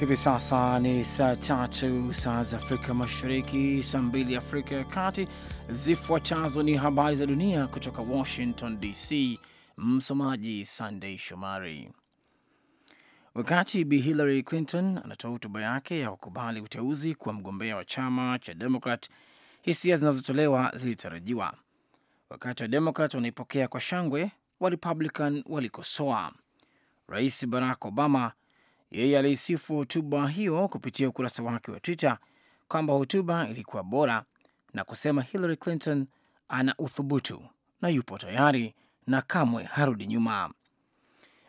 Hivi sasa ni saa tatu saa za Afrika Mashariki, saa mbili Afrika ya Kati. Zifuatazo ni habari za dunia kutoka Washington DC. Msomaji Sandei Shomari. Wakati Bi Hillary Clinton anatoa hotuba yake ya kukubali uteuzi kwa mgombea wa chama cha Demokrat, hisia zinazotolewa zilitarajiwa. Wakati wa Demokrat wanaipokea kwa shangwe, wa Republican walikosoa. Rais Barack Obama yeye aliisifu hotuba hiyo kupitia ukurasa wake wa Twitter kwamba hotuba ilikuwa bora na kusema Hillary Clinton ana uthubutu na yupo tayari na kamwe harudi nyuma.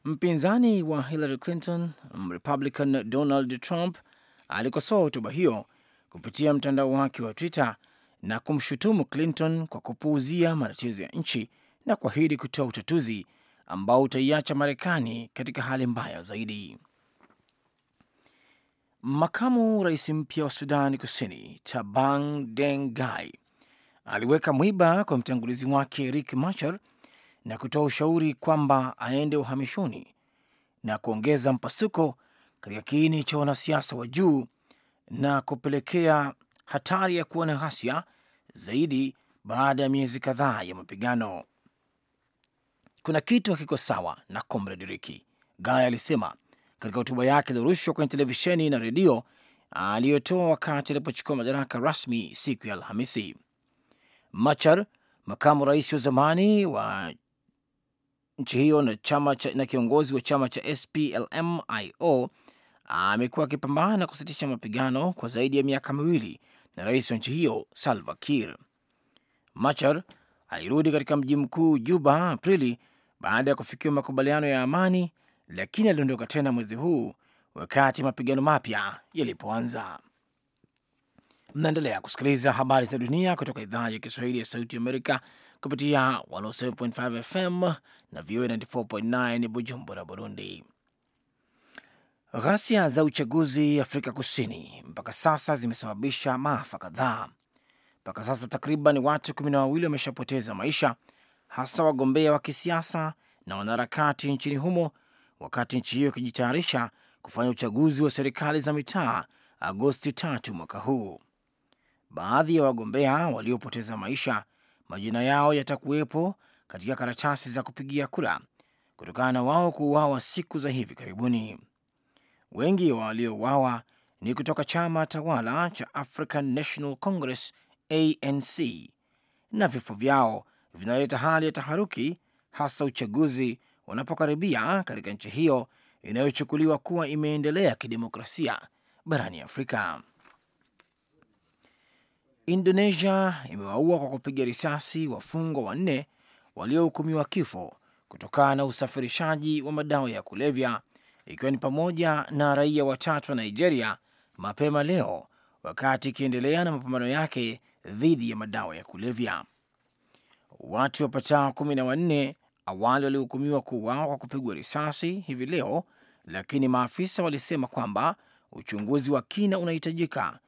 Mpinzani wa Hillary Clinton, Mrepublican Donald Trump alikosoa hotuba hiyo kupitia mtandao wake wa Twitter na kumshutumu Clinton kwa kupuuzia matatizo ya nchi na kuahidi kutoa utatuzi ambao utaiacha Marekani katika hali mbaya zaidi. Makamu rais mpya wa Sudani Kusini Tabang Dengai aliweka mwiba kwa mtangulizi wake rik Machar na kutoa ushauri kwamba aende uhamishoni na kuongeza mpasuko katika kiini cha wanasiasa wa juu na kupelekea hatari ya kuwa na ghasia zaidi baada ya miezi kadhaa ya mapigano. Kuna kitu hakiko sawa na Comrade Riki, Gaya alisema katika hotuba yake iliyorushwa kwenye televisheni na redio aliyotoa wakati alipochukua madaraka rasmi siku ya Alhamisi. Machar, makamu rais wa zamani wa nchi hiyo na, chama cha, na kiongozi wa chama cha splmio amekuwa akipambana kusitisha mapigano kwa zaidi ya miaka miwili na rais wa nchi hiyo Salva Kiir. Machar alirudi katika mji mkuu Juba Aprili baada ya kufikiwa makubaliano ya amani lakini aliondoka tena mwezi huu wakati mapigano mapya yalipoanza. Mnaendelea kusikiliza habari za dunia kutoka idhaa ya Kiswahili ya Sauti Amerika kupitia 107.5 FM na VOA 94.9 Bujumbura, Burundi. Ghasia za uchaguzi Afrika Kusini mpaka sasa zimesababisha maafa kadhaa. Mpaka sasa takriban watu kumi na wawili wameshapoteza maisha, hasa wagombea wa kisiasa na wanaharakati nchini humo wakati nchi hiyo ikijitayarisha kufanya uchaguzi wa serikali za mitaa Agosti tatu mwaka huu. Baadhi ya wagombea waliopoteza maisha, majina yao yatakuwepo katika karatasi za kupigia kura kutokana na wao kuuawa siku za hivi karibuni. Wengi wa waliouawa ni kutoka chama tawala cha African National Congress ANC, na vifo vyao vinaleta hali ya taharuki, hasa uchaguzi unapokaribia katika nchi hiyo inayochukuliwa kuwa imeendelea kidemokrasia barani Afrika. Indonesia imewaua kwa kupiga risasi wafungwa wanne waliohukumiwa kifo kutokana na usafirishaji wa madawa ya kulevya ikiwa ni pamoja na raia watatu wa Nigeria mapema leo, wakati ikiendelea na mapambano yake dhidi ya madawa ya kulevya. Watu wapatao kumi na wanne awali walihukumiwa kuuawa kwa kupigwa risasi hivi leo, lakini maafisa walisema kwamba uchunguzi wa kina unahitajika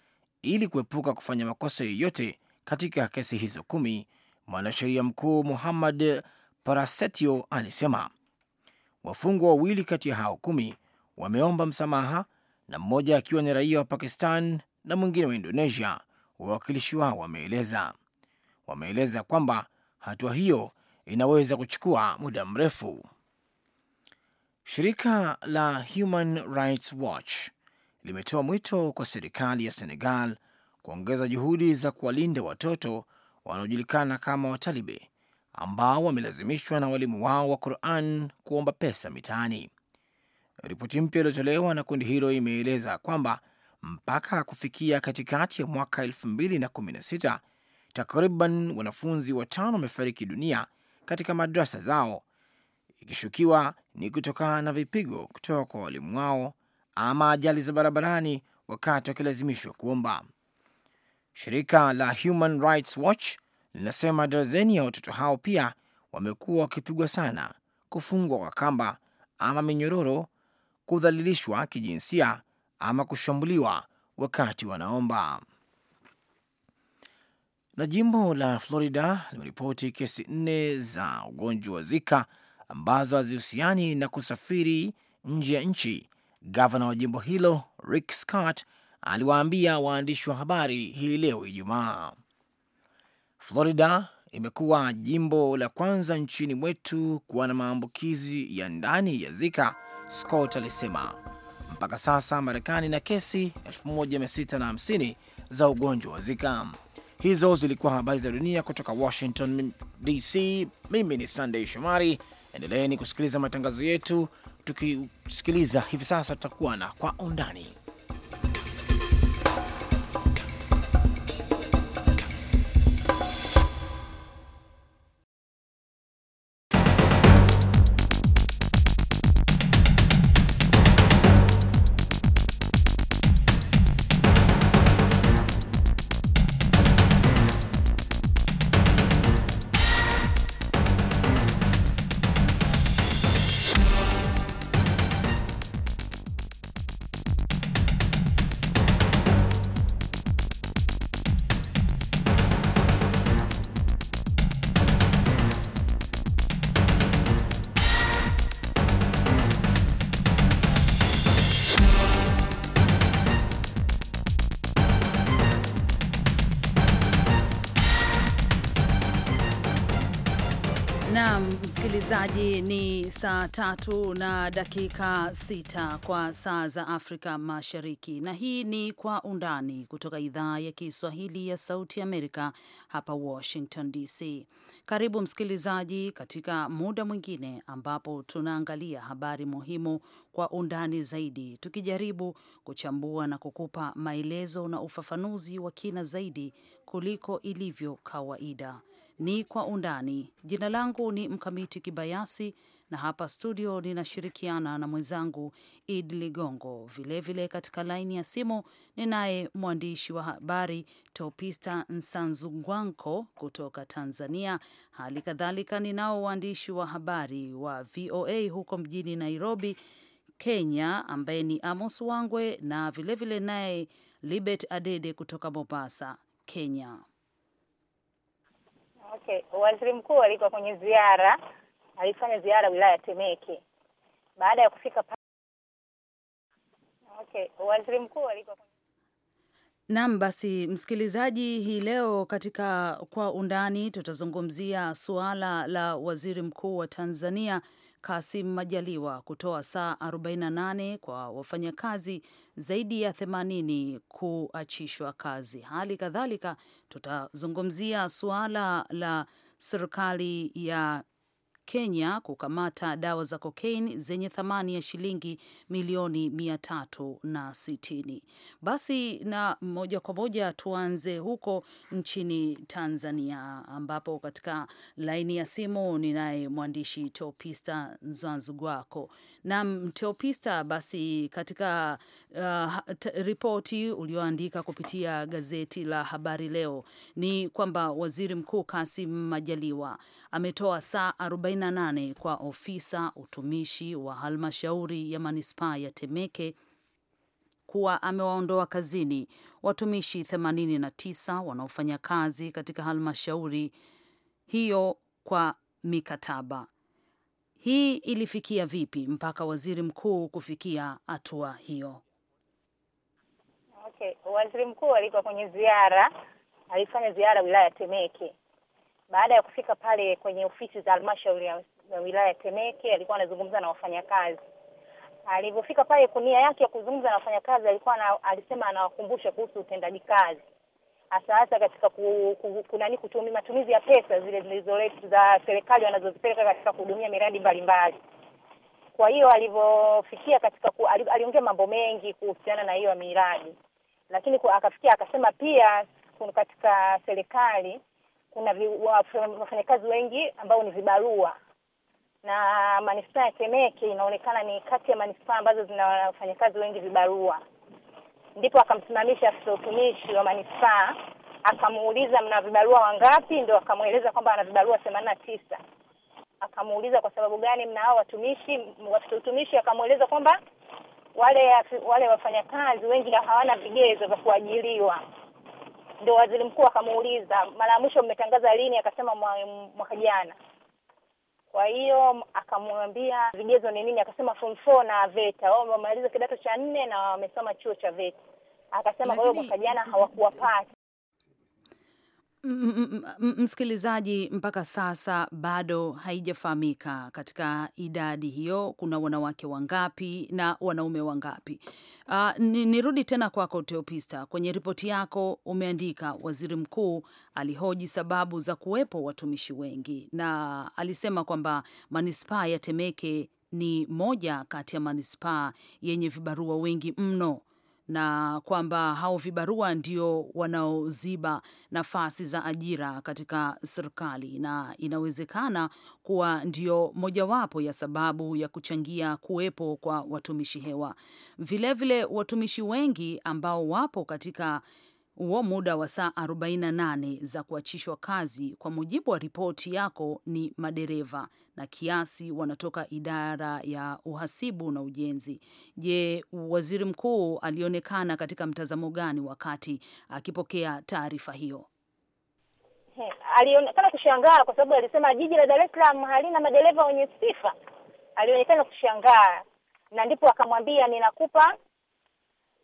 ili kuepuka kufanya makosa yoyote katika kesi hizo kumi. Mwanasheria mkuu Muhammad Parasetio alisema wafungwa wawili kati ya hao kumi wameomba msamaha, na mmoja akiwa ni raia wa Pakistan na mwingine wa Indonesia. Wawakilishi wao wameeleza wameeleza kwamba hatua hiyo inaweza kuchukua muda mrefu. Shirika la Human Rights Watch limetoa mwito kwa serikali ya Senegal kuongeza juhudi za kuwalinda watoto wanaojulikana kama watalibe ambao wamelazimishwa na walimu wao wa Quran kuomba pesa mitaani. Ripoti mpya iliyotolewa na kundi hilo imeeleza kwamba mpaka kufikia katikati ya mwaka 2016 takriban wanafunzi watano wamefariki dunia katika madrasa zao, ikishukiwa ni kutokana na vipigo kutoka kwa walimu wao ama ajali za barabarani wakati wakilazimishwa kuomba. Shirika la Human Rights Watch linasema darazeni ya watoto hao pia wamekuwa wakipigwa sana, kufungwa kwa kamba ama minyororo, kudhalilishwa kijinsia ama kushambuliwa wakati wanaomba. Na jimbo la Florida limeripoti kesi nne za ugonjwa wa Zika ambazo hazihusiani na kusafiri nje ya nchi. Gavana wa jimbo hilo Rick Scott aliwaambia waandishi wa habari hii leo Ijumaa, Florida imekuwa jimbo la kwanza nchini mwetu kuwa na maambukizi ya ndani ya Zika, Scott alisema. Mpaka sasa Marekani na kesi 1650 za ugonjwa wa Zika. Hizo zilikuwa habari za dunia kutoka Washington DC. Mimi ni Sandey Shomari. Endeleeni kusikiliza matangazo yetu. Tukisikiliza hivi sasa, tutakuwa na kwa undani saa tatu na dakika sita kwa saa za Afrika Mashariki, na hii ni Kwa Undani kutoka idhaa ya Kiswahili ya Sauti Amerika hapa Washington DC. Karibu msikilizaji, katika muda mwingine ambapo tunaangalia habari muhimu kwa undani zaidi, tukijaribu kuchambua na kukupa maelezo na ufafanuzi wa kina zaidi kuliko ilivyo kawaida. Ni Kwa Undani. Jina langu ni Mkamiti Kibayasi, na hapa studio ninashirikiana na mwenzangu Id Ligongo. Vilevile katika laini ya simu ninaye mwandishi wa habari Topista Nsanzugwanko kutoka Tanzania. Hali kadhalika ninao waandishi wa habari wa VOA huko mjini Nairobi, Kenya, ambaye ni Amos Wangwe na vilevile naye Libet Adede kutoka Mombasa, Kenya. Okay, waziri mkuu alikuwa kwenye ziara alifanya ziara wilaya Temeke. Baada ya kufika pa... okay, waziri mkuu alikuwa Naam, basi msikilizaji, hii leo katika kwa undani tutazungumzia suala la waziri mkuu wa Tanzania Kasim Majaliwa kutoa saa 48 kwa wafanyakazi zaidi ya 80 kuachishwa kazi. Hali kadhalika tutazungumzia suala la serikali ya Kenya kukamata dawa za kokaini zenye thamani ya shilingi milioni mia tatu na sitini. Basi na moja kwa moja tuanze huko nchini Tanzania, ambapo katika laini ya simu ninaye mwandishi Topista Nzanzugwako. Nam mteopista basi katika uh, ripoti ulioandika kupitia gazeti la Habari Leo ni kwamba waziri mkuu Kasim Majaliwa ametoa saa 48 kwa ofisa utumishi wa halmashauri ya manispaa ya Temeke kuwa amewaondoa kazini watumishi 89 wanaofanya kazi katika halmashauri hiyo kwa mikataba. Hii ilifikia vipi mpaka waziri mkuu kufikia hatua hiyo? Okay, waziri mkuu alikuwa kwenye ziara, alifanya ziara wilaya Temeke. Baada ya kufika pale kwenye ofisi za halmashauri ya wilaya Temeke, alikuwa anazungumza na wafanyakazi. Alivyofika pale, kunia yake ya kuzungumza na wafanyakazi, alikuwa na, alisema anawakumbusha kuhusu utendaji kazi hasa hasa katika ku, ku, kunani kutumi matumizi ya pesa zile zilizoletwa za serikali wanazozipeleka katika kuhudumia miradi mbalimbali. Kwa hiyo alivyofikia katika ku, aliongea mambo mengi kuhusiana na hiyo miradi, lakini akafikia akasema pia katika serikali kuna wafanyakazi wengi ambao ni vibarua na manispaa ya Temeke inaonekana ni kati ya manispaa ambazo zina wafanyakazi wengi vibarua ndipo akamsimamisha afisa utumishi wa manispaa akamuuliza mna vibarua wangapi, ndio akamweleza kwamba ana vibarua themanini na tisa. Akamuuliza kwa sababu gani mna hao watumishi wafisa utumishi, akamweleza kwamba wale wale wafanyakazi wengi hawana vigezo vya kuajiliwa. Ndio waziri mkuu akamuuliza mara ya mwisho mmetangaza lini? Akasema mwaka jana. Kwa hiyo akamwambia vigezo ni nini, akasema form four na VETA wao wamemaliza kidato cha nne na wamesoma chuo cha VETA. Akasema kwa hiyo mwaka jana hawakuwapata Msikilizaji, mpaka sasa bado haijafahamika katika idadi hiyo kuna wanawake wangapi na wanaume wangapi. Uh, nirudi tena kwako Teopista, kwenye ripoti yako umeandika waziri mkuu alihoji sababu za kuwepo watumishi wengi na alisema kwamba manispaa ya Temeke ni moja kati ya manispaa yenye vibarua wengi mno na kwamba hao vibarua ndio wanaoziba nafasi za ajira katika serikali, na inawezekana kuwa ndio mojawapo ya sababu ya kuchangia kuwepo kwa watumishi hewa. Vilevile vile watumishi wengi ambao wapo katika huo muda wa saa 48 za kuachishwa kazi kwa mujibu wa ripoti yako ni madereva na kiasi wanatoka idara ya uhasibu na ujenzi. Je, waziri mkuu alionekana katika mtazamo gani wakati akipokea taarifa hiyo? Alionekana kushangaa kwa sababu alisema jiji la Dar es Salaam halina madereva wenye sifa. Alionekana kushangaa na ndipo akamwambia, ninakupa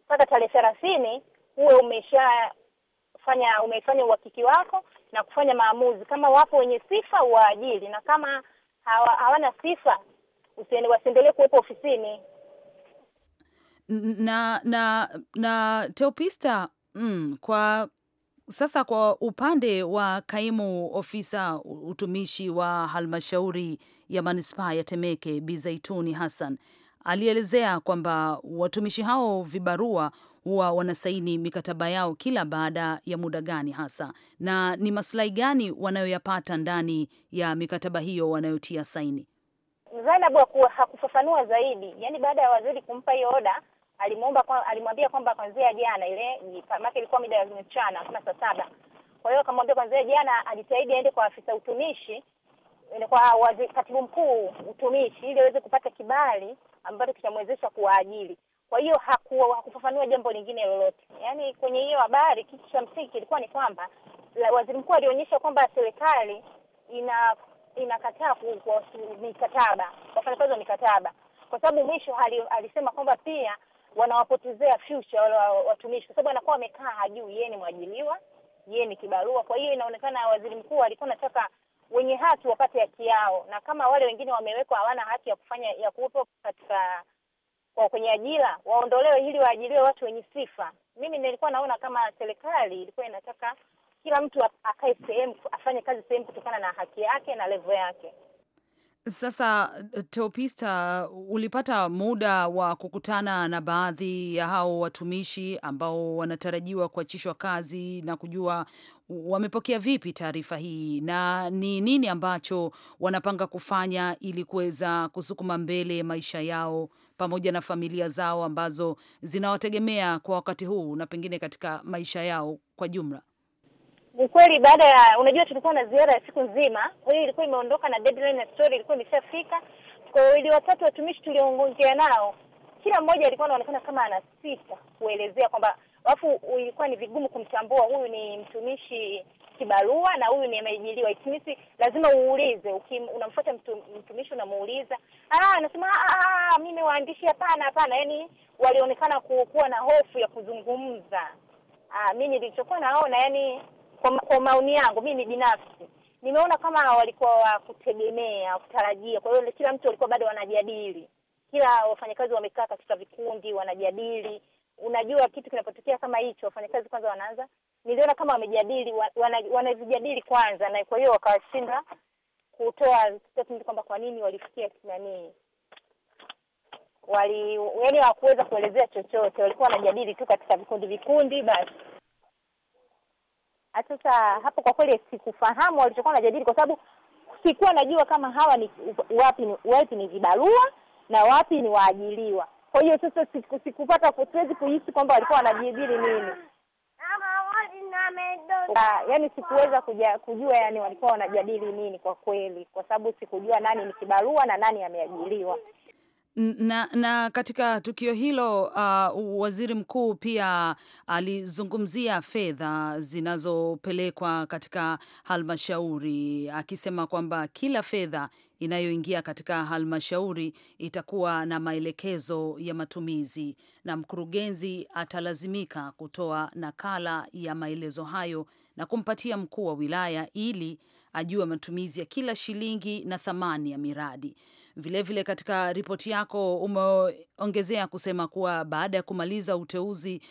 mpaka tarehe thelathini uwe umeshafanya umefanya uhakiki wako na kufanya maamuzi. Kama wapo wenye sifa waajiri, na kama hawa, hawana sifa wasiendelee kuwepo ofisini. Na na na Teopista, mm, kwa sasa kwa upande wa kaimu ofisa utumishi wa halmashauri ya manispaa ya Temeke Bizaituni Hassan alielezea kwamba watumishi hao vibarua huwa wanasaini mikataba yao kila baada ya muda gani hasa, na ni maslahi gani wanayoyapata ndani ya mikataba hiyo wanayotia saini? Zainab hakuwa hakufafanua zaidi, Yani baada ya waziri kumpa hiyo oda alimwomba kwa, alimwambia kwamba kwanzia jana ile make ilikuwa mida ya mchana kama saa saba. Kwa hiyo akamwambia kwanzia jana ajitahidi aende kwa afisa utumishi eh, kwa wazi, katibu mkuu utumishi ili aweze kupata kibali ambacho kitamwezesha kuwaajili kwa hiyo hakufafanua jambo lingine lolote. Yaani kwenye hiyo habari, kitu cha msingi kilikuwa ni kwamba waziri mkuu alionyesha kwamba serikali ina inakataa mikataba, wafanyakazi wa mikataba, kwa sababu mwisho alisema kwamba pia wanawapotezea future wale watumishi, kwa sababu anakuwa amekaa hajuu, yeye ni mwajiliwa, yeye ni kibarua. Kwa hiyo inaonekana waziri mkuu alikuwa anataka wenye haki wapate haki yao, na kama wale wengine wamewekwa hawana haki ya kufanya ya kuwepo katika kwa kwenye ajira waondolewe ili waajiriwe watu wenye sifa. Mimi nilikuwa naona kama serikali ilikuwa inataka kila mtu akae sehemu afanye kazi sehemu kutokana na haki yake na levo yake. Sasa Teopista, ulipata muda wa kukutana na baadhi ya hao watumishi ambao wanatarajiwa kuachishwa kazi na kujua wamepokea vipi taarifa hii na ni nini ambacho wanapanga kufanya ili kuweza kusukuma mbele maisha yao pamoja na familia zao ambazo zinawategemea kwa wakati huu na pengine katika maisha yao kwa jumla? Ni kweli, baada ya unajua, tulikuwa na ziara ya siku nzima, kwa hiyo ilikuwa imeondoka na deadline ya story ilikuwa imeshafika. Kwa hiyo ili watatu watumishi tuliongozea nao, kila mmoja alikuwa anaonekana kama anasita kuelezea kwamba, alafu ilikuwa ni vigumu kumtambua huyu ni mtumishi kibarua na huyu ni ameajiriwa, it means lazima uulize. Unamfuata mtumishi unamuuliza, ah, anasema ah, ah, ah mimi waandishi, hapana hapana. Yani walionekana kuwa na hofu ya kuzungumza. Ah, mimi nilichokuwa naona, yani kwa maoni yangu mimi binafsi nimeona kama walikuwa wa kutegemea kutarajia. Kwa hiyo kila mtu alikuwa bado wanajadili, kila wafanyakazi wamekaa katika vikundi wanajadili. Unajua, kitu kinapotokea kama hicho, wafanyakazi kwanza wanaanza niliona kama wamejadili wanavijadili wana kwanza, na kwa hiyo wakawashinda kutoa statement kwamba kwa nini walifikia nanii wali yaani hawakuweza kuelezea chochote, walikuwa wanajadili tu katika vikundi vikundi basi. Ah, sasa hapo kwa kweli sikufahamu walichokuwa wanajadili, kwa sababu sikuwa najua kama hawa ni wapi ni wapi ni vibarua na wapi ni waajiliwa. Kwa hiyo sasa sikupata, siwezi kuhisi kwamba walikuwa wanajadili nini. Ah, yani sikuweza kuja kujua yani walikuwa wanajadili nini kwa kweli, kwa sababu sikujua nani ni kibarua na nani ameajiliwa. Na, na katika tukio hilo uh, waziri mkuu pia alizungumzia fedha zinazopelekwa katika halmashauri akisema kwamba kila fedha inayoingia katika halmashauri itakuwa na maelekezo ya matumizi na mkurugenzi atalazimika kutoa nakala ya maelezo hayo na kumpatia mkuu wa wilaya ili ajue matumizi ya kila shilingi na thamani ya miradi. Vilevile vile katika ripoti yako umeongezea kusema kuwa baada ya kumaliza uteuzi,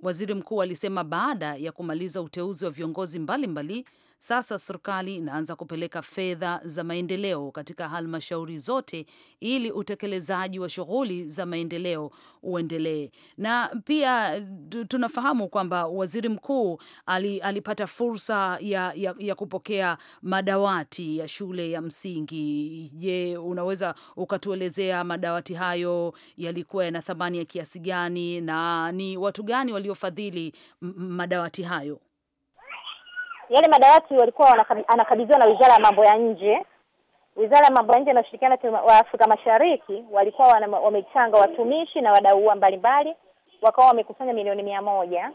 waziri mkuu alisema baada ya kumaliza uteuzi wa viongozi mbalimbali mbali, sasa serikali inaanza kupeleka fedha za maendeleo katika halmashauri zote ili utekelezaji wa shughuli za maendeleo uendelee. Na pia tunafahamu kwamba waziri mkuu alipata fursa ya, ya, ya kupokea madawati ya shule ya msingi. Je, unaweza ukatuelezea madawati hayo yalikuwa yana thamani ya kiasi gani na ni watu gani waliofadhili madawati hayo? yale madawati walikuwa anakabidhiwa na Wizara ya Mambo ya Nje. Wizara ya Mambo ya Nje na ushirikiano wa Afrika Mashariki walikuwa wamechanga watumishi na wadau mbalimbali, wakawa wamekusanya milioni mia moja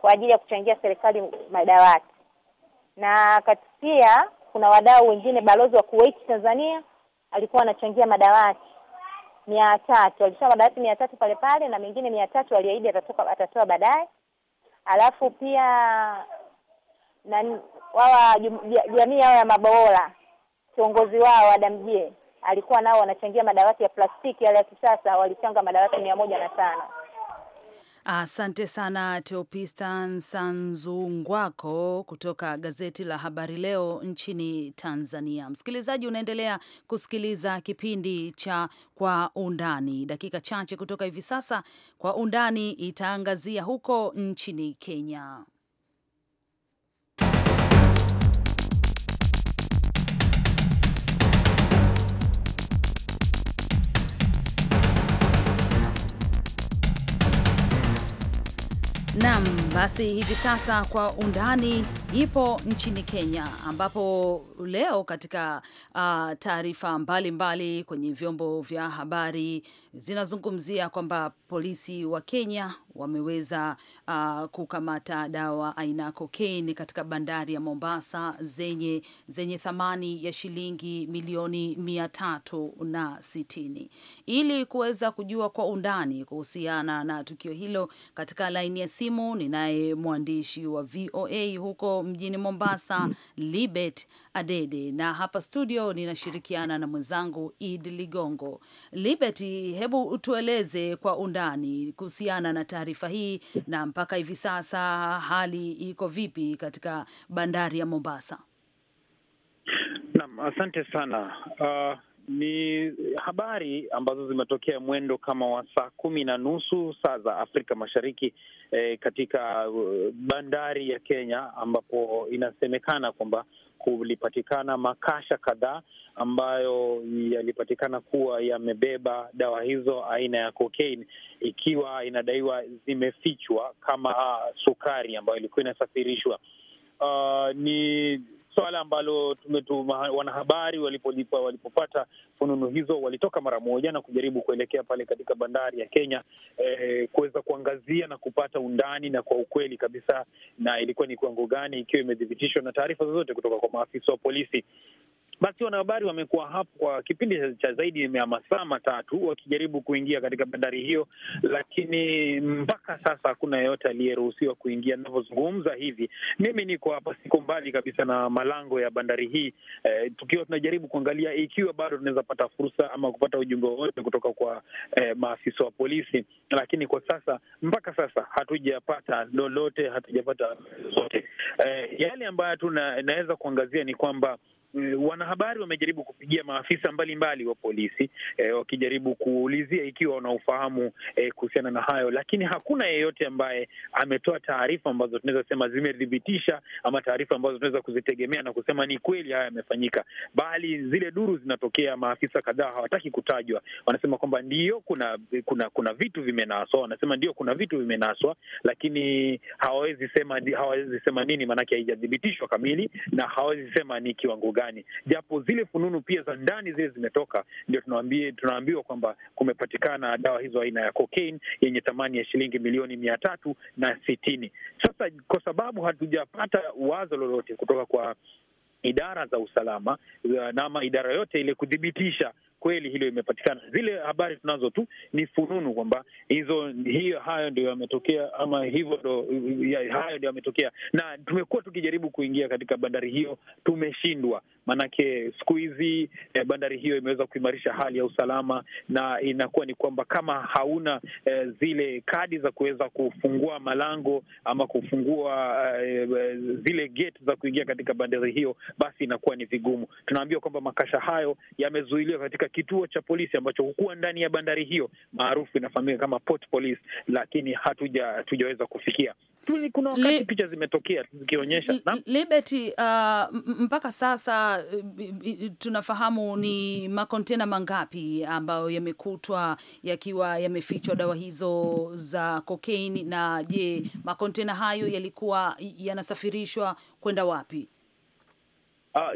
kwa ajili ya kuchangia serikali madawati, na katipia kuna wadau wengine. Balozi wa Kuwait Tanzania alikuwa anachangia madawati mia tatu alitoa madawati mia tatu pale pale, na mengine mia tatu aliahidi atatoa baadaye. Alafu pia na wawa jamii yao ya mabohora kiongozi wao Adamjie alikuwa nao wanachangia madawati ya plastiki yale ya kisasa, walichanga madawati mia moja na tano. Asante sana Teopista Nsanzungwako kutoka gazeti la Habari Leo nchini Tanzania. Msikilizaji, unaendelea kusikiliza kipindi cha Kwa Undani. Dakika chache kutoka hivi sasa, Kwa Undani itaangazia huko nchini Kenya. Naam, basi hivi sasa kwa undani ipo nchini Kenya ambapo leo katika uh, taarifa mbalimbali kwenye vyombo vya habari zinazungumzia kwamba polisi wa Kenya wameweza uh, kukamata dawa aina ya kokeini katika bandari ya Mombasa zenye, zenye thamani ya shilingi milioni mia tatu na sitini. Ili kuweza kujua kwa undani kuhusiana na tukio hilo, katika laini ya simu ninaye mwandishi wa VOA huko mjini Mombasa, Libet Adede, na hapa studio ninashirikiana na mwenzangu Id Ligongo. Liberty, hebu tueleze kwa undani kuhusiana na taarifa hii, na mpaka hivi sasa hali iko vipi katika bandari ya Mombasa? Naam, asante sana. Uh, ni habari ambazo zimetokea mwendo kama wa saa kumi na nusu saa za Afrika Mashariki eh, katika uh, bandari ya Kenya ambapo inasemekana kwamba kulipatikana makasha kadhaa ambayo yalipatikana kuwa yamebeba dawa hizo aina ya cocaine, ikiwa inadaiwa zimefichwa kama ah, sukari ambayo ilikuwa inasafirishwa. Uh, ni swala ambalo wanahabari walipolipa walipopata fununu hizo walitoka mara moja na kujaribu kuelekea pale katika bandari ya Kenya eh, kuweza kuangazia na kupata undani na kwa ukweli kabisa, na ilikuwa ni kiwango gani, ikiwa imethibitishwa na taarifa zozote kutoka kwa maafisa wa polisi. Basi wanahabari wamekuwa hapo kwa kipindi cha zaidi ya masaa matatu wakijaribu kuingia katika bandari hiyo, lakini mpaka sasa hakuna yeyote aliyeruhusiwa kuingia. Ninavyozungumza hivi, mimi niko hapa, siko mbali kabisa na malango ya bandari hii eh, tukiwa tunajaribu kuangalia ikiwa bado tunaweza pata fursa ama kupata ujumbe wowote kutoka kwa eh, maafisa wa polisi, lakini kwa sasa, mpaka sasa hatujapata lolote, hatujapata zote. Eh, yale ambayo naweza kuangazia ni kwamba Eh, wanahabari wamejaribu kupigia maafisa mbalimbali mbali wa polisi e, wakijaribu kuulizia ikiwa wanaofahamu e, eh, kuhusiana na hayo, lakini hakuna yeyote ambaye ametoa taarifa ambazo tunaweza sema zimethibitisha ama taarifa ambazo tunaweza kuzitegemea na kusema ni kweli haya yamefanyika, bali zile duru zinatokea, maafisa kadhaa hawataki kutajwa, wanasema kwamba ndio kuna kuna kuna vitu vimenaswa, wanasema ndio kuna vitu vimenaswa, lakini hawawezi sema hawawezi sema nini, maanake haijathibitishwa kamili na hawawezi sema ni kiwango gani gani, japo zile fununu pia za ndani zile zimetoka, ndio tunaambiwa kwamba kumepatikana dawa hizo aina ya cocaine yenye thamani ya shilingi milioni mia tatu na sitini. Sasa kwa sababu hatujapata wazo lolote kutoka kwa idara za usalama nama idara yote ile kuthibitisha kweli hilo imepatikana. Zile habari tunazo tu ni fununu kwamba hizo hiyo hayo ndio yametokea, ama hivyo ndo hayo ndio yametokea, na tumekuwa tukijaribu kuingia katika bandari hiyo, tumeshindwa. Maanake siku hizi eh, bandari hiyo imeweza kuimarisha hali ya usalama, na inakuwa ni kwamba kama hauna eh, zile kadi za kuweza kufungua malango ama kufungua eh, zile gate za kuingia katika bandari hiyo, basi inakuwa ni vigumu. Tunaambiwa kwamba makasha hayo yamezuiliwa katika kituo cha polisi ambacho hukuwa ndani ya bandari hiyo maarufu inafahamika kama port police, lakini hatuja hatujaweza kufikia. Kuna wakati Le... picha zimetokea zikionyesha Liberty. Uh, mpaka sasa uh, tunafahamu ni makontena mangapi ambayo yamekutwa yakiwa yamefichwa dawa hizo za kokaini, na je, makontena hayo yalikuwa yanasafirishwa kwenda wapi? Uh,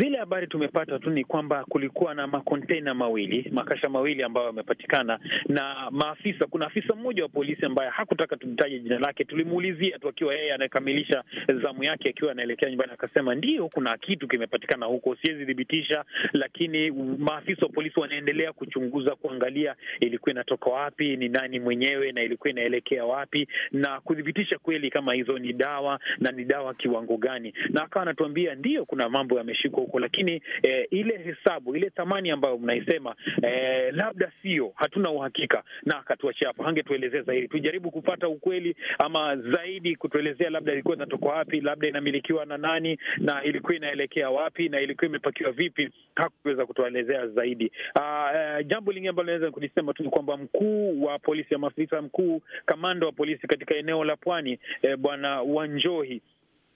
zile habari tumepata tu ni kwamba kulikuwa na makontena mawili, makasha mawili ambayo yamepatikana na maafisa. Kuna afisa mmoja wa polisi ambaye hakutaka tumtaje jina lake, tulimuulizia tu akiwa yeye anakamilisha zamu yake akiwa anaelekea nyumbani, akasema ndiyo, kuna kitu kimepatikana huko, siwezi thibitisha, lakini maafisa wa polisi wanaendelea kuchunguza, kuangalia ilikuwa inatoka wapi, ni nani mwenyewe, na ilikuwa inaelekea wapi, na kuthibitisha kweli kama hizo ni dawa na ni dawa kiwango gani, na akawa anatuambia ndio kuna mambo yameshikwa huko, lakini eh, ile hesabu ile thamani ambayo mnaisema eh, labda sio, hatuna uhakika, na akatuachia hapo. Hangetuelezea zaidi, tujaribu kupata ukweli ama zaidi kutuelezea, labda ilikuwa inatoka wapi, labda inamilikiwa na nani, na ilikuwa inaelekea wapi, na ilikuwa imepakiwa vipi. Hakuweza kutuelezea zaidi. Uh, uh, jambo lingine ambalo naweza kulisema tu ni kwamba mkuu wa polisi ya afisa mkuu, kamanda wa polisi katika eneo la Pwani eh, Bwana Wanjohi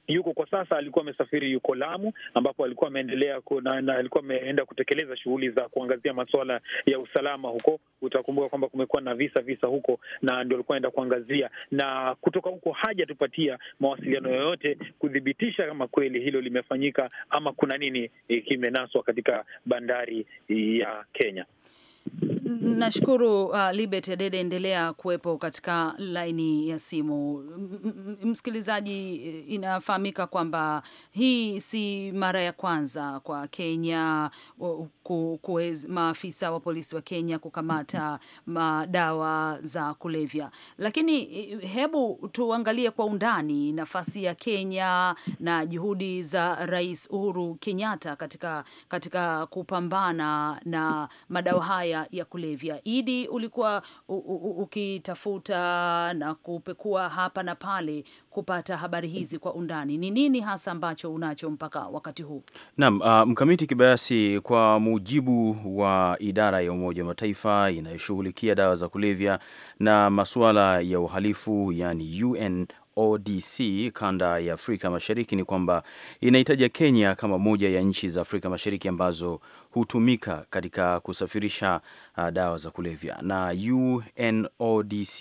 yuko kwa sasa, alikuwa amesafiri, yuko Lamu ambapo alikuwa ameendelea na, na alikuwa ameenda kutekeleza shughuli za kuangazia masuala ya usalama huko. Utakumbuka kwamba kumekuwa na visa visa huko, na ndio alikuwa aenda kuangazia, na kutoka huko hajatupatia mawasiliano yoyote kuthibitisha kama kweli hilo limefanyika ama kuna nini eh, kimenaswa katika bandari ya Kenya. Nashukuru uh, Libet Adede, endelea kuwepo katika laini ya simu. Msikilizaji, inafahamika kwamba hii si mara ya kwanza kwa Kenya kuwez, maafisa wa polisi wa Kenya kukamata madawa za kulevya, lakini hebu tuangalie kwa undani nafasi ya Kenya na juhudi za Rais Uhuru Kenyatta katika, katika kupambana na madawa haya ya kulevya. Idi, ulikuwa ukitafuta na kupekua hapa na pale kupata habari hizi kwa undani, ni nini hasa ambacho unacho mpaka wakati huu? Naam, uh, mkamiti kibayasi, kwa mujibu wa idara ya Umoja wa Mataifa inayoshughulikia dawa za kulevya na masuala ya uhalifu, yani UN ODC kanda ya Afrika Mashariki ni kwamba inahitaja Kenya kama moja ya nchi za Afrika Mashariki ambazo hutumika katika kusafirisha uh, dawa za kulevya, na UNODC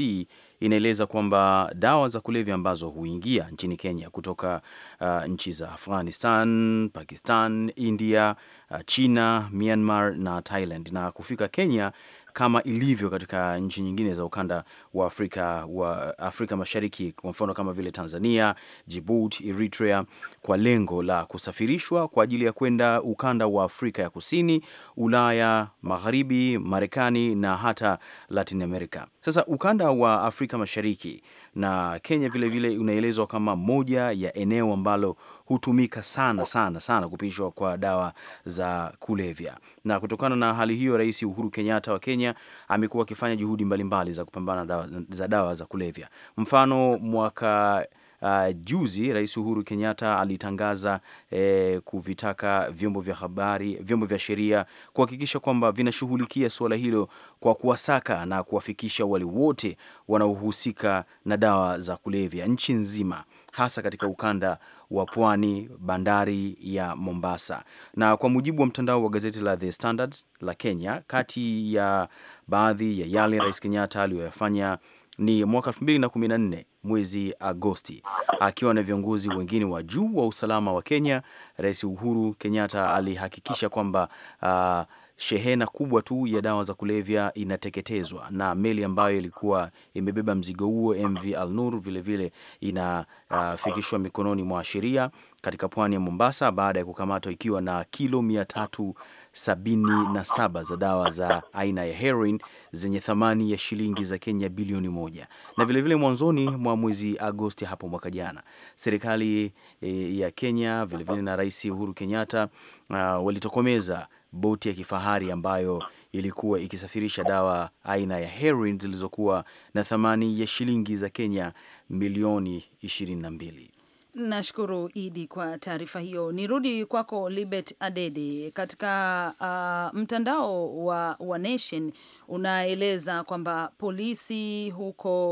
inaeleza kwamba dawa za kulevya ambazo huingia nchini Kenya kutoka uh, nchi za Afghanistan, Pakistan, India, uh, China, Myanmar na Thailand na kufika Kenya kama ilivyo katika nchi nyingine za ukanda wa Afrika, wa Afrika Mashariki, kwa mfano kama vile Tanzania, Djibouti, Eritrea, kwa lengo la kusafirishwa kwa ajili ya kwenda ukanda wa Afrika ya Kusini, Ulaya Magharibi, Marekani na hata Latin America. Sasa ukanda wa Afrika Mashariki na Kenya vilevile unaelezwa kama moja ya eneo ambalo hutumika sana sana sana kupitishwa kwa dawa za kulevya, na kutokana na hali hiyo, Rais Uhuru Kenyatta wa Kenya Kenya amekuwa akifanya juhudi mbalimbali mbali za kupambana dawa, za dawa za kulevya. Mfano mwaka uh, juzi Rais Uhuru Kenyatta alitangaza eh, kuvitaka vyombo vya habari, vyombo vya sheria kuhakikisha kwamba vinashughulikia suala hilo kwa kuwasaka na kuwafikisha wale wote wanaohusika na dawa za kulevya nchi nzima hasa katika ukanda wa pwani, bandari ya Mombasa. Na kwa mujibu wa mtandao wa gazeti la The Standard la Kenya, kati ya baadhi ya yale Rais Kenyatta aliyoyafanya ni mwaka 2014 mwezi Agosti, akiwa na viongozi wengine wa juu wa usalama wa Kenya. Rais Uhuru Kenyatta alihakikisha kwamba uh, shehena kubwa tu ya dawa za kulevya inateketezwa na meli ambayo ilikuwa imebeba mzigo huo MV Alnur vilevile inafikishwa uh, mikononi mwa sheria katika pwani ya Mombasa baada ya kukamatwa ikiwa na kilo mia tatu 77 za dawa za aina ya heroin zenye thamani ya shilingi za Kenya bilioni moja. Na vilevile mwanzoni mwa mwezi Agosti hapo mwaka jana, serikali e, ya Kenya vilevile vile na Rais Uhuru Kenyatta uh, walitokomeza boti ya kifahari ambayo ilikuwa ikisafirisha dawa aina ya heroin zilizokuwa na thamani ya shilingi za Kenya milioni mbili Nashukuru Idi kwa taarifa hiyo. Nirudi kwako Libet Adede, katika uh, mtandao wa, wa Nation unaeleza kwamba polisi huko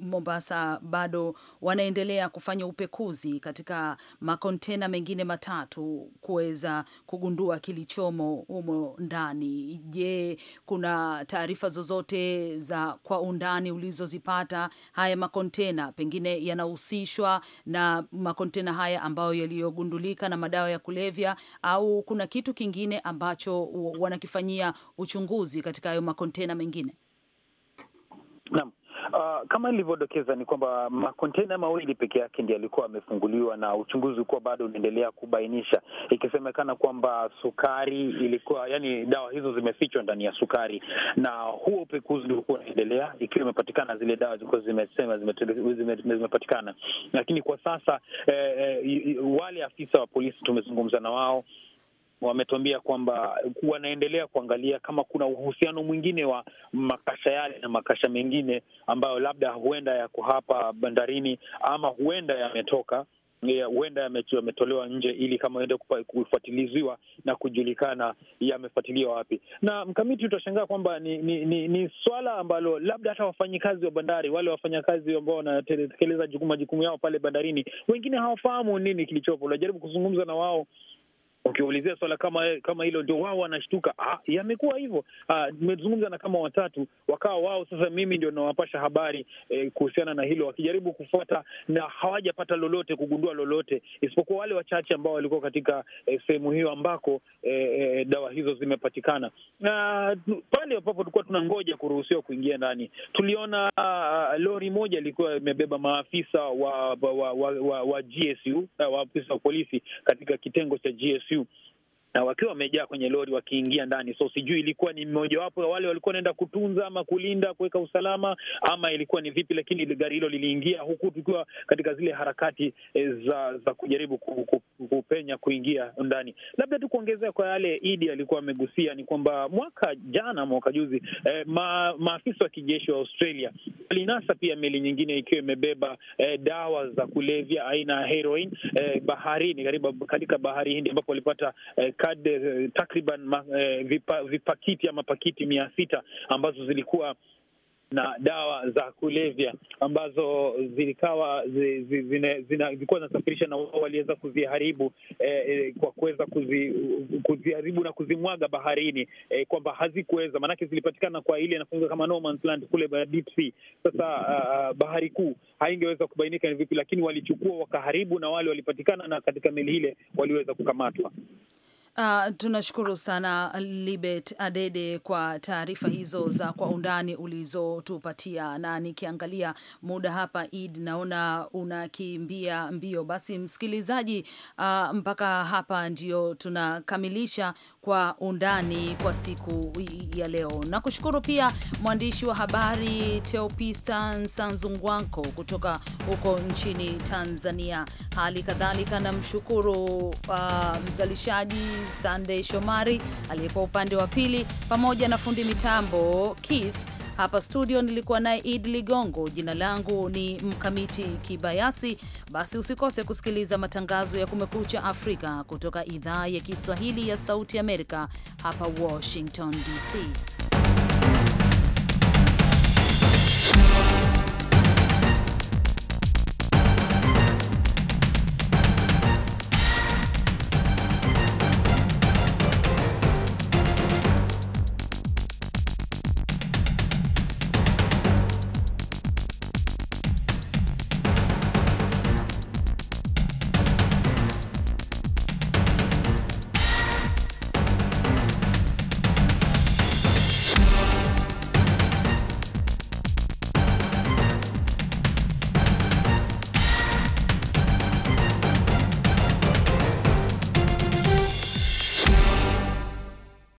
Mombasa bado wanaendelea kufanya upekuzi katika makontena mengine matatu kuweza kugundua kilichomo humo ndani. Je, kuna taarifa zozote za kwa undani ulizozipata? Haya makontena pengine yanahusishwa na makontena haya ambayo yaliyogundulika na madawa ya kulevya, au kuna kitu kingine ambacho wanakifanyia uchunguzi katika hayo makontena mengine? Naam, Uh, kama ilivyodokeza ni kwamba makontena mawili peke yake ndiyo yalikuwa yamefunguliwa na uchunguzi ukuwa bado unaendelea kubainisha, ikisemekana kwamba sukari ilikuwa yani, dawa hizo zimefichwa ndani ya sukari, na huo upekuzi ndio ulikuwa unaendelea, ikiwa imepatikana zile dawa zilikuwa zimesema zimepatikana, lakini kwa sasa eh, eh wale afisa wa polisi tumezungumza na wao wametuambia kwamba wanaendelea kuangalia kama kuna uhusiano mwingine wa makasha yale na makasha mengine ambayo labda huenda yako hapa bandarini ama huenda yametoka huenda yametolewa nje ili kama ende kufuatiliziwa na kujulikana yamefuatiliwa wapi. Na mkamiti, utashangaa kwamba ni, ni, ni, ni swala ambalo labda hata wafanyikazi wa bandari wale wafanyakazi ambao wanatekeleza majukumu yao pale bandarini, wengine hawafahamu nini kilichopo. Unajaribu kuzungumza na wao ukiulizia swala kama kama hilo ndio wao wanashtuka. Ah, yamekuwa hivyo. Ah, nimezungumza ah, na kama watatu wakawa wao sasa, mimi ndio nawapasha habari eh, kuhusiana na hilo, wakijaribu kufuata na hawajapata lolote, kugundua lolote, isipokuwa wale wachache ambao walikuwa katika eh, sehemu hiyo ambako eh, eh dawa hizo zimepatikana. Na pale ambapo tulikuwa tunangoja kuruhusiwa kuingia ndani, tuliona ah, ah lori moja ilikuwa imebeba maafisa wa wa, wa, wa, wa, eh, wa GSU, wa afisa wa polisi katika kitengo cha GSU two na wakiwa wamejaa kwenye lori wakiingia ndani. So sijui ilikuwa ni mmojawapo ya wale walikuwa wanaenda kutunza ama kulinda kuweka usalama ama ilikuwa ni vipi, lakini gari hilo liliingia, huku tukiwa katika zile harakati e, za za kujaribu kupenya kuingia ndani. Labda tu kuongezea kwa yale Idi alikuwa amegusia ni kwamba mwaka jana, mwaka juzi, eh, ma, maafisa wa kijeshi wa Australia walinasa pia meli nyingine ikiwa imebeba eh, dawa za kulevya aina ya heroin eh, baharini, katika bahari Hindi ambapo walipata eh, eh, takriban ma, e, vipa, vipakiti ama pakiti mia sita ambazo zilikuwa na dawa za kulevya ambazo zilikawa zilikuwa zinasafirisha na wao waliweza kuziharibu e, kwa kuweza kuzi, kuziharibu na kuzimwaga baharini e, kwamba hazikuweza maanake zilipatikana kwa ile inafunga kama no man's land kule deep sea. Sasa uh, bahari kuu haingeweza kubainika ni vipi, lakini walichukua wakaharibu, na wale walipatikana na katika meli ile waliweza kukamatwa. Uh, tunashukuru sana Libet Adede kwa taarifa hizo za kwa undani ulizotupatia, na nikiangalia muda hapa Id, naona unakimbia mbio. Basi msikilizaji, uh, mpaka hapa ndio tunakamilisha kwa undani kwa siku ya leo. Na kushukuru pia mwandishi wa habari Teopista Nsanzungwanko kutoka huko nchini Tanzania. Hali kadhalika namshukuru uh, mzalishaji Sandey Shomari aliyekuwa upande wa pili, pamoja na fundi mitambo Keith hapa studio nilikuwa naye Id Ligongo, jina langu ni Mkamiti Kibayasi. Basi usikose kusikiliza matangazo ya Kumekucha Afrika kutoka idhaa ya Kiswahili ya Sauti Amerika hapa Washington DC.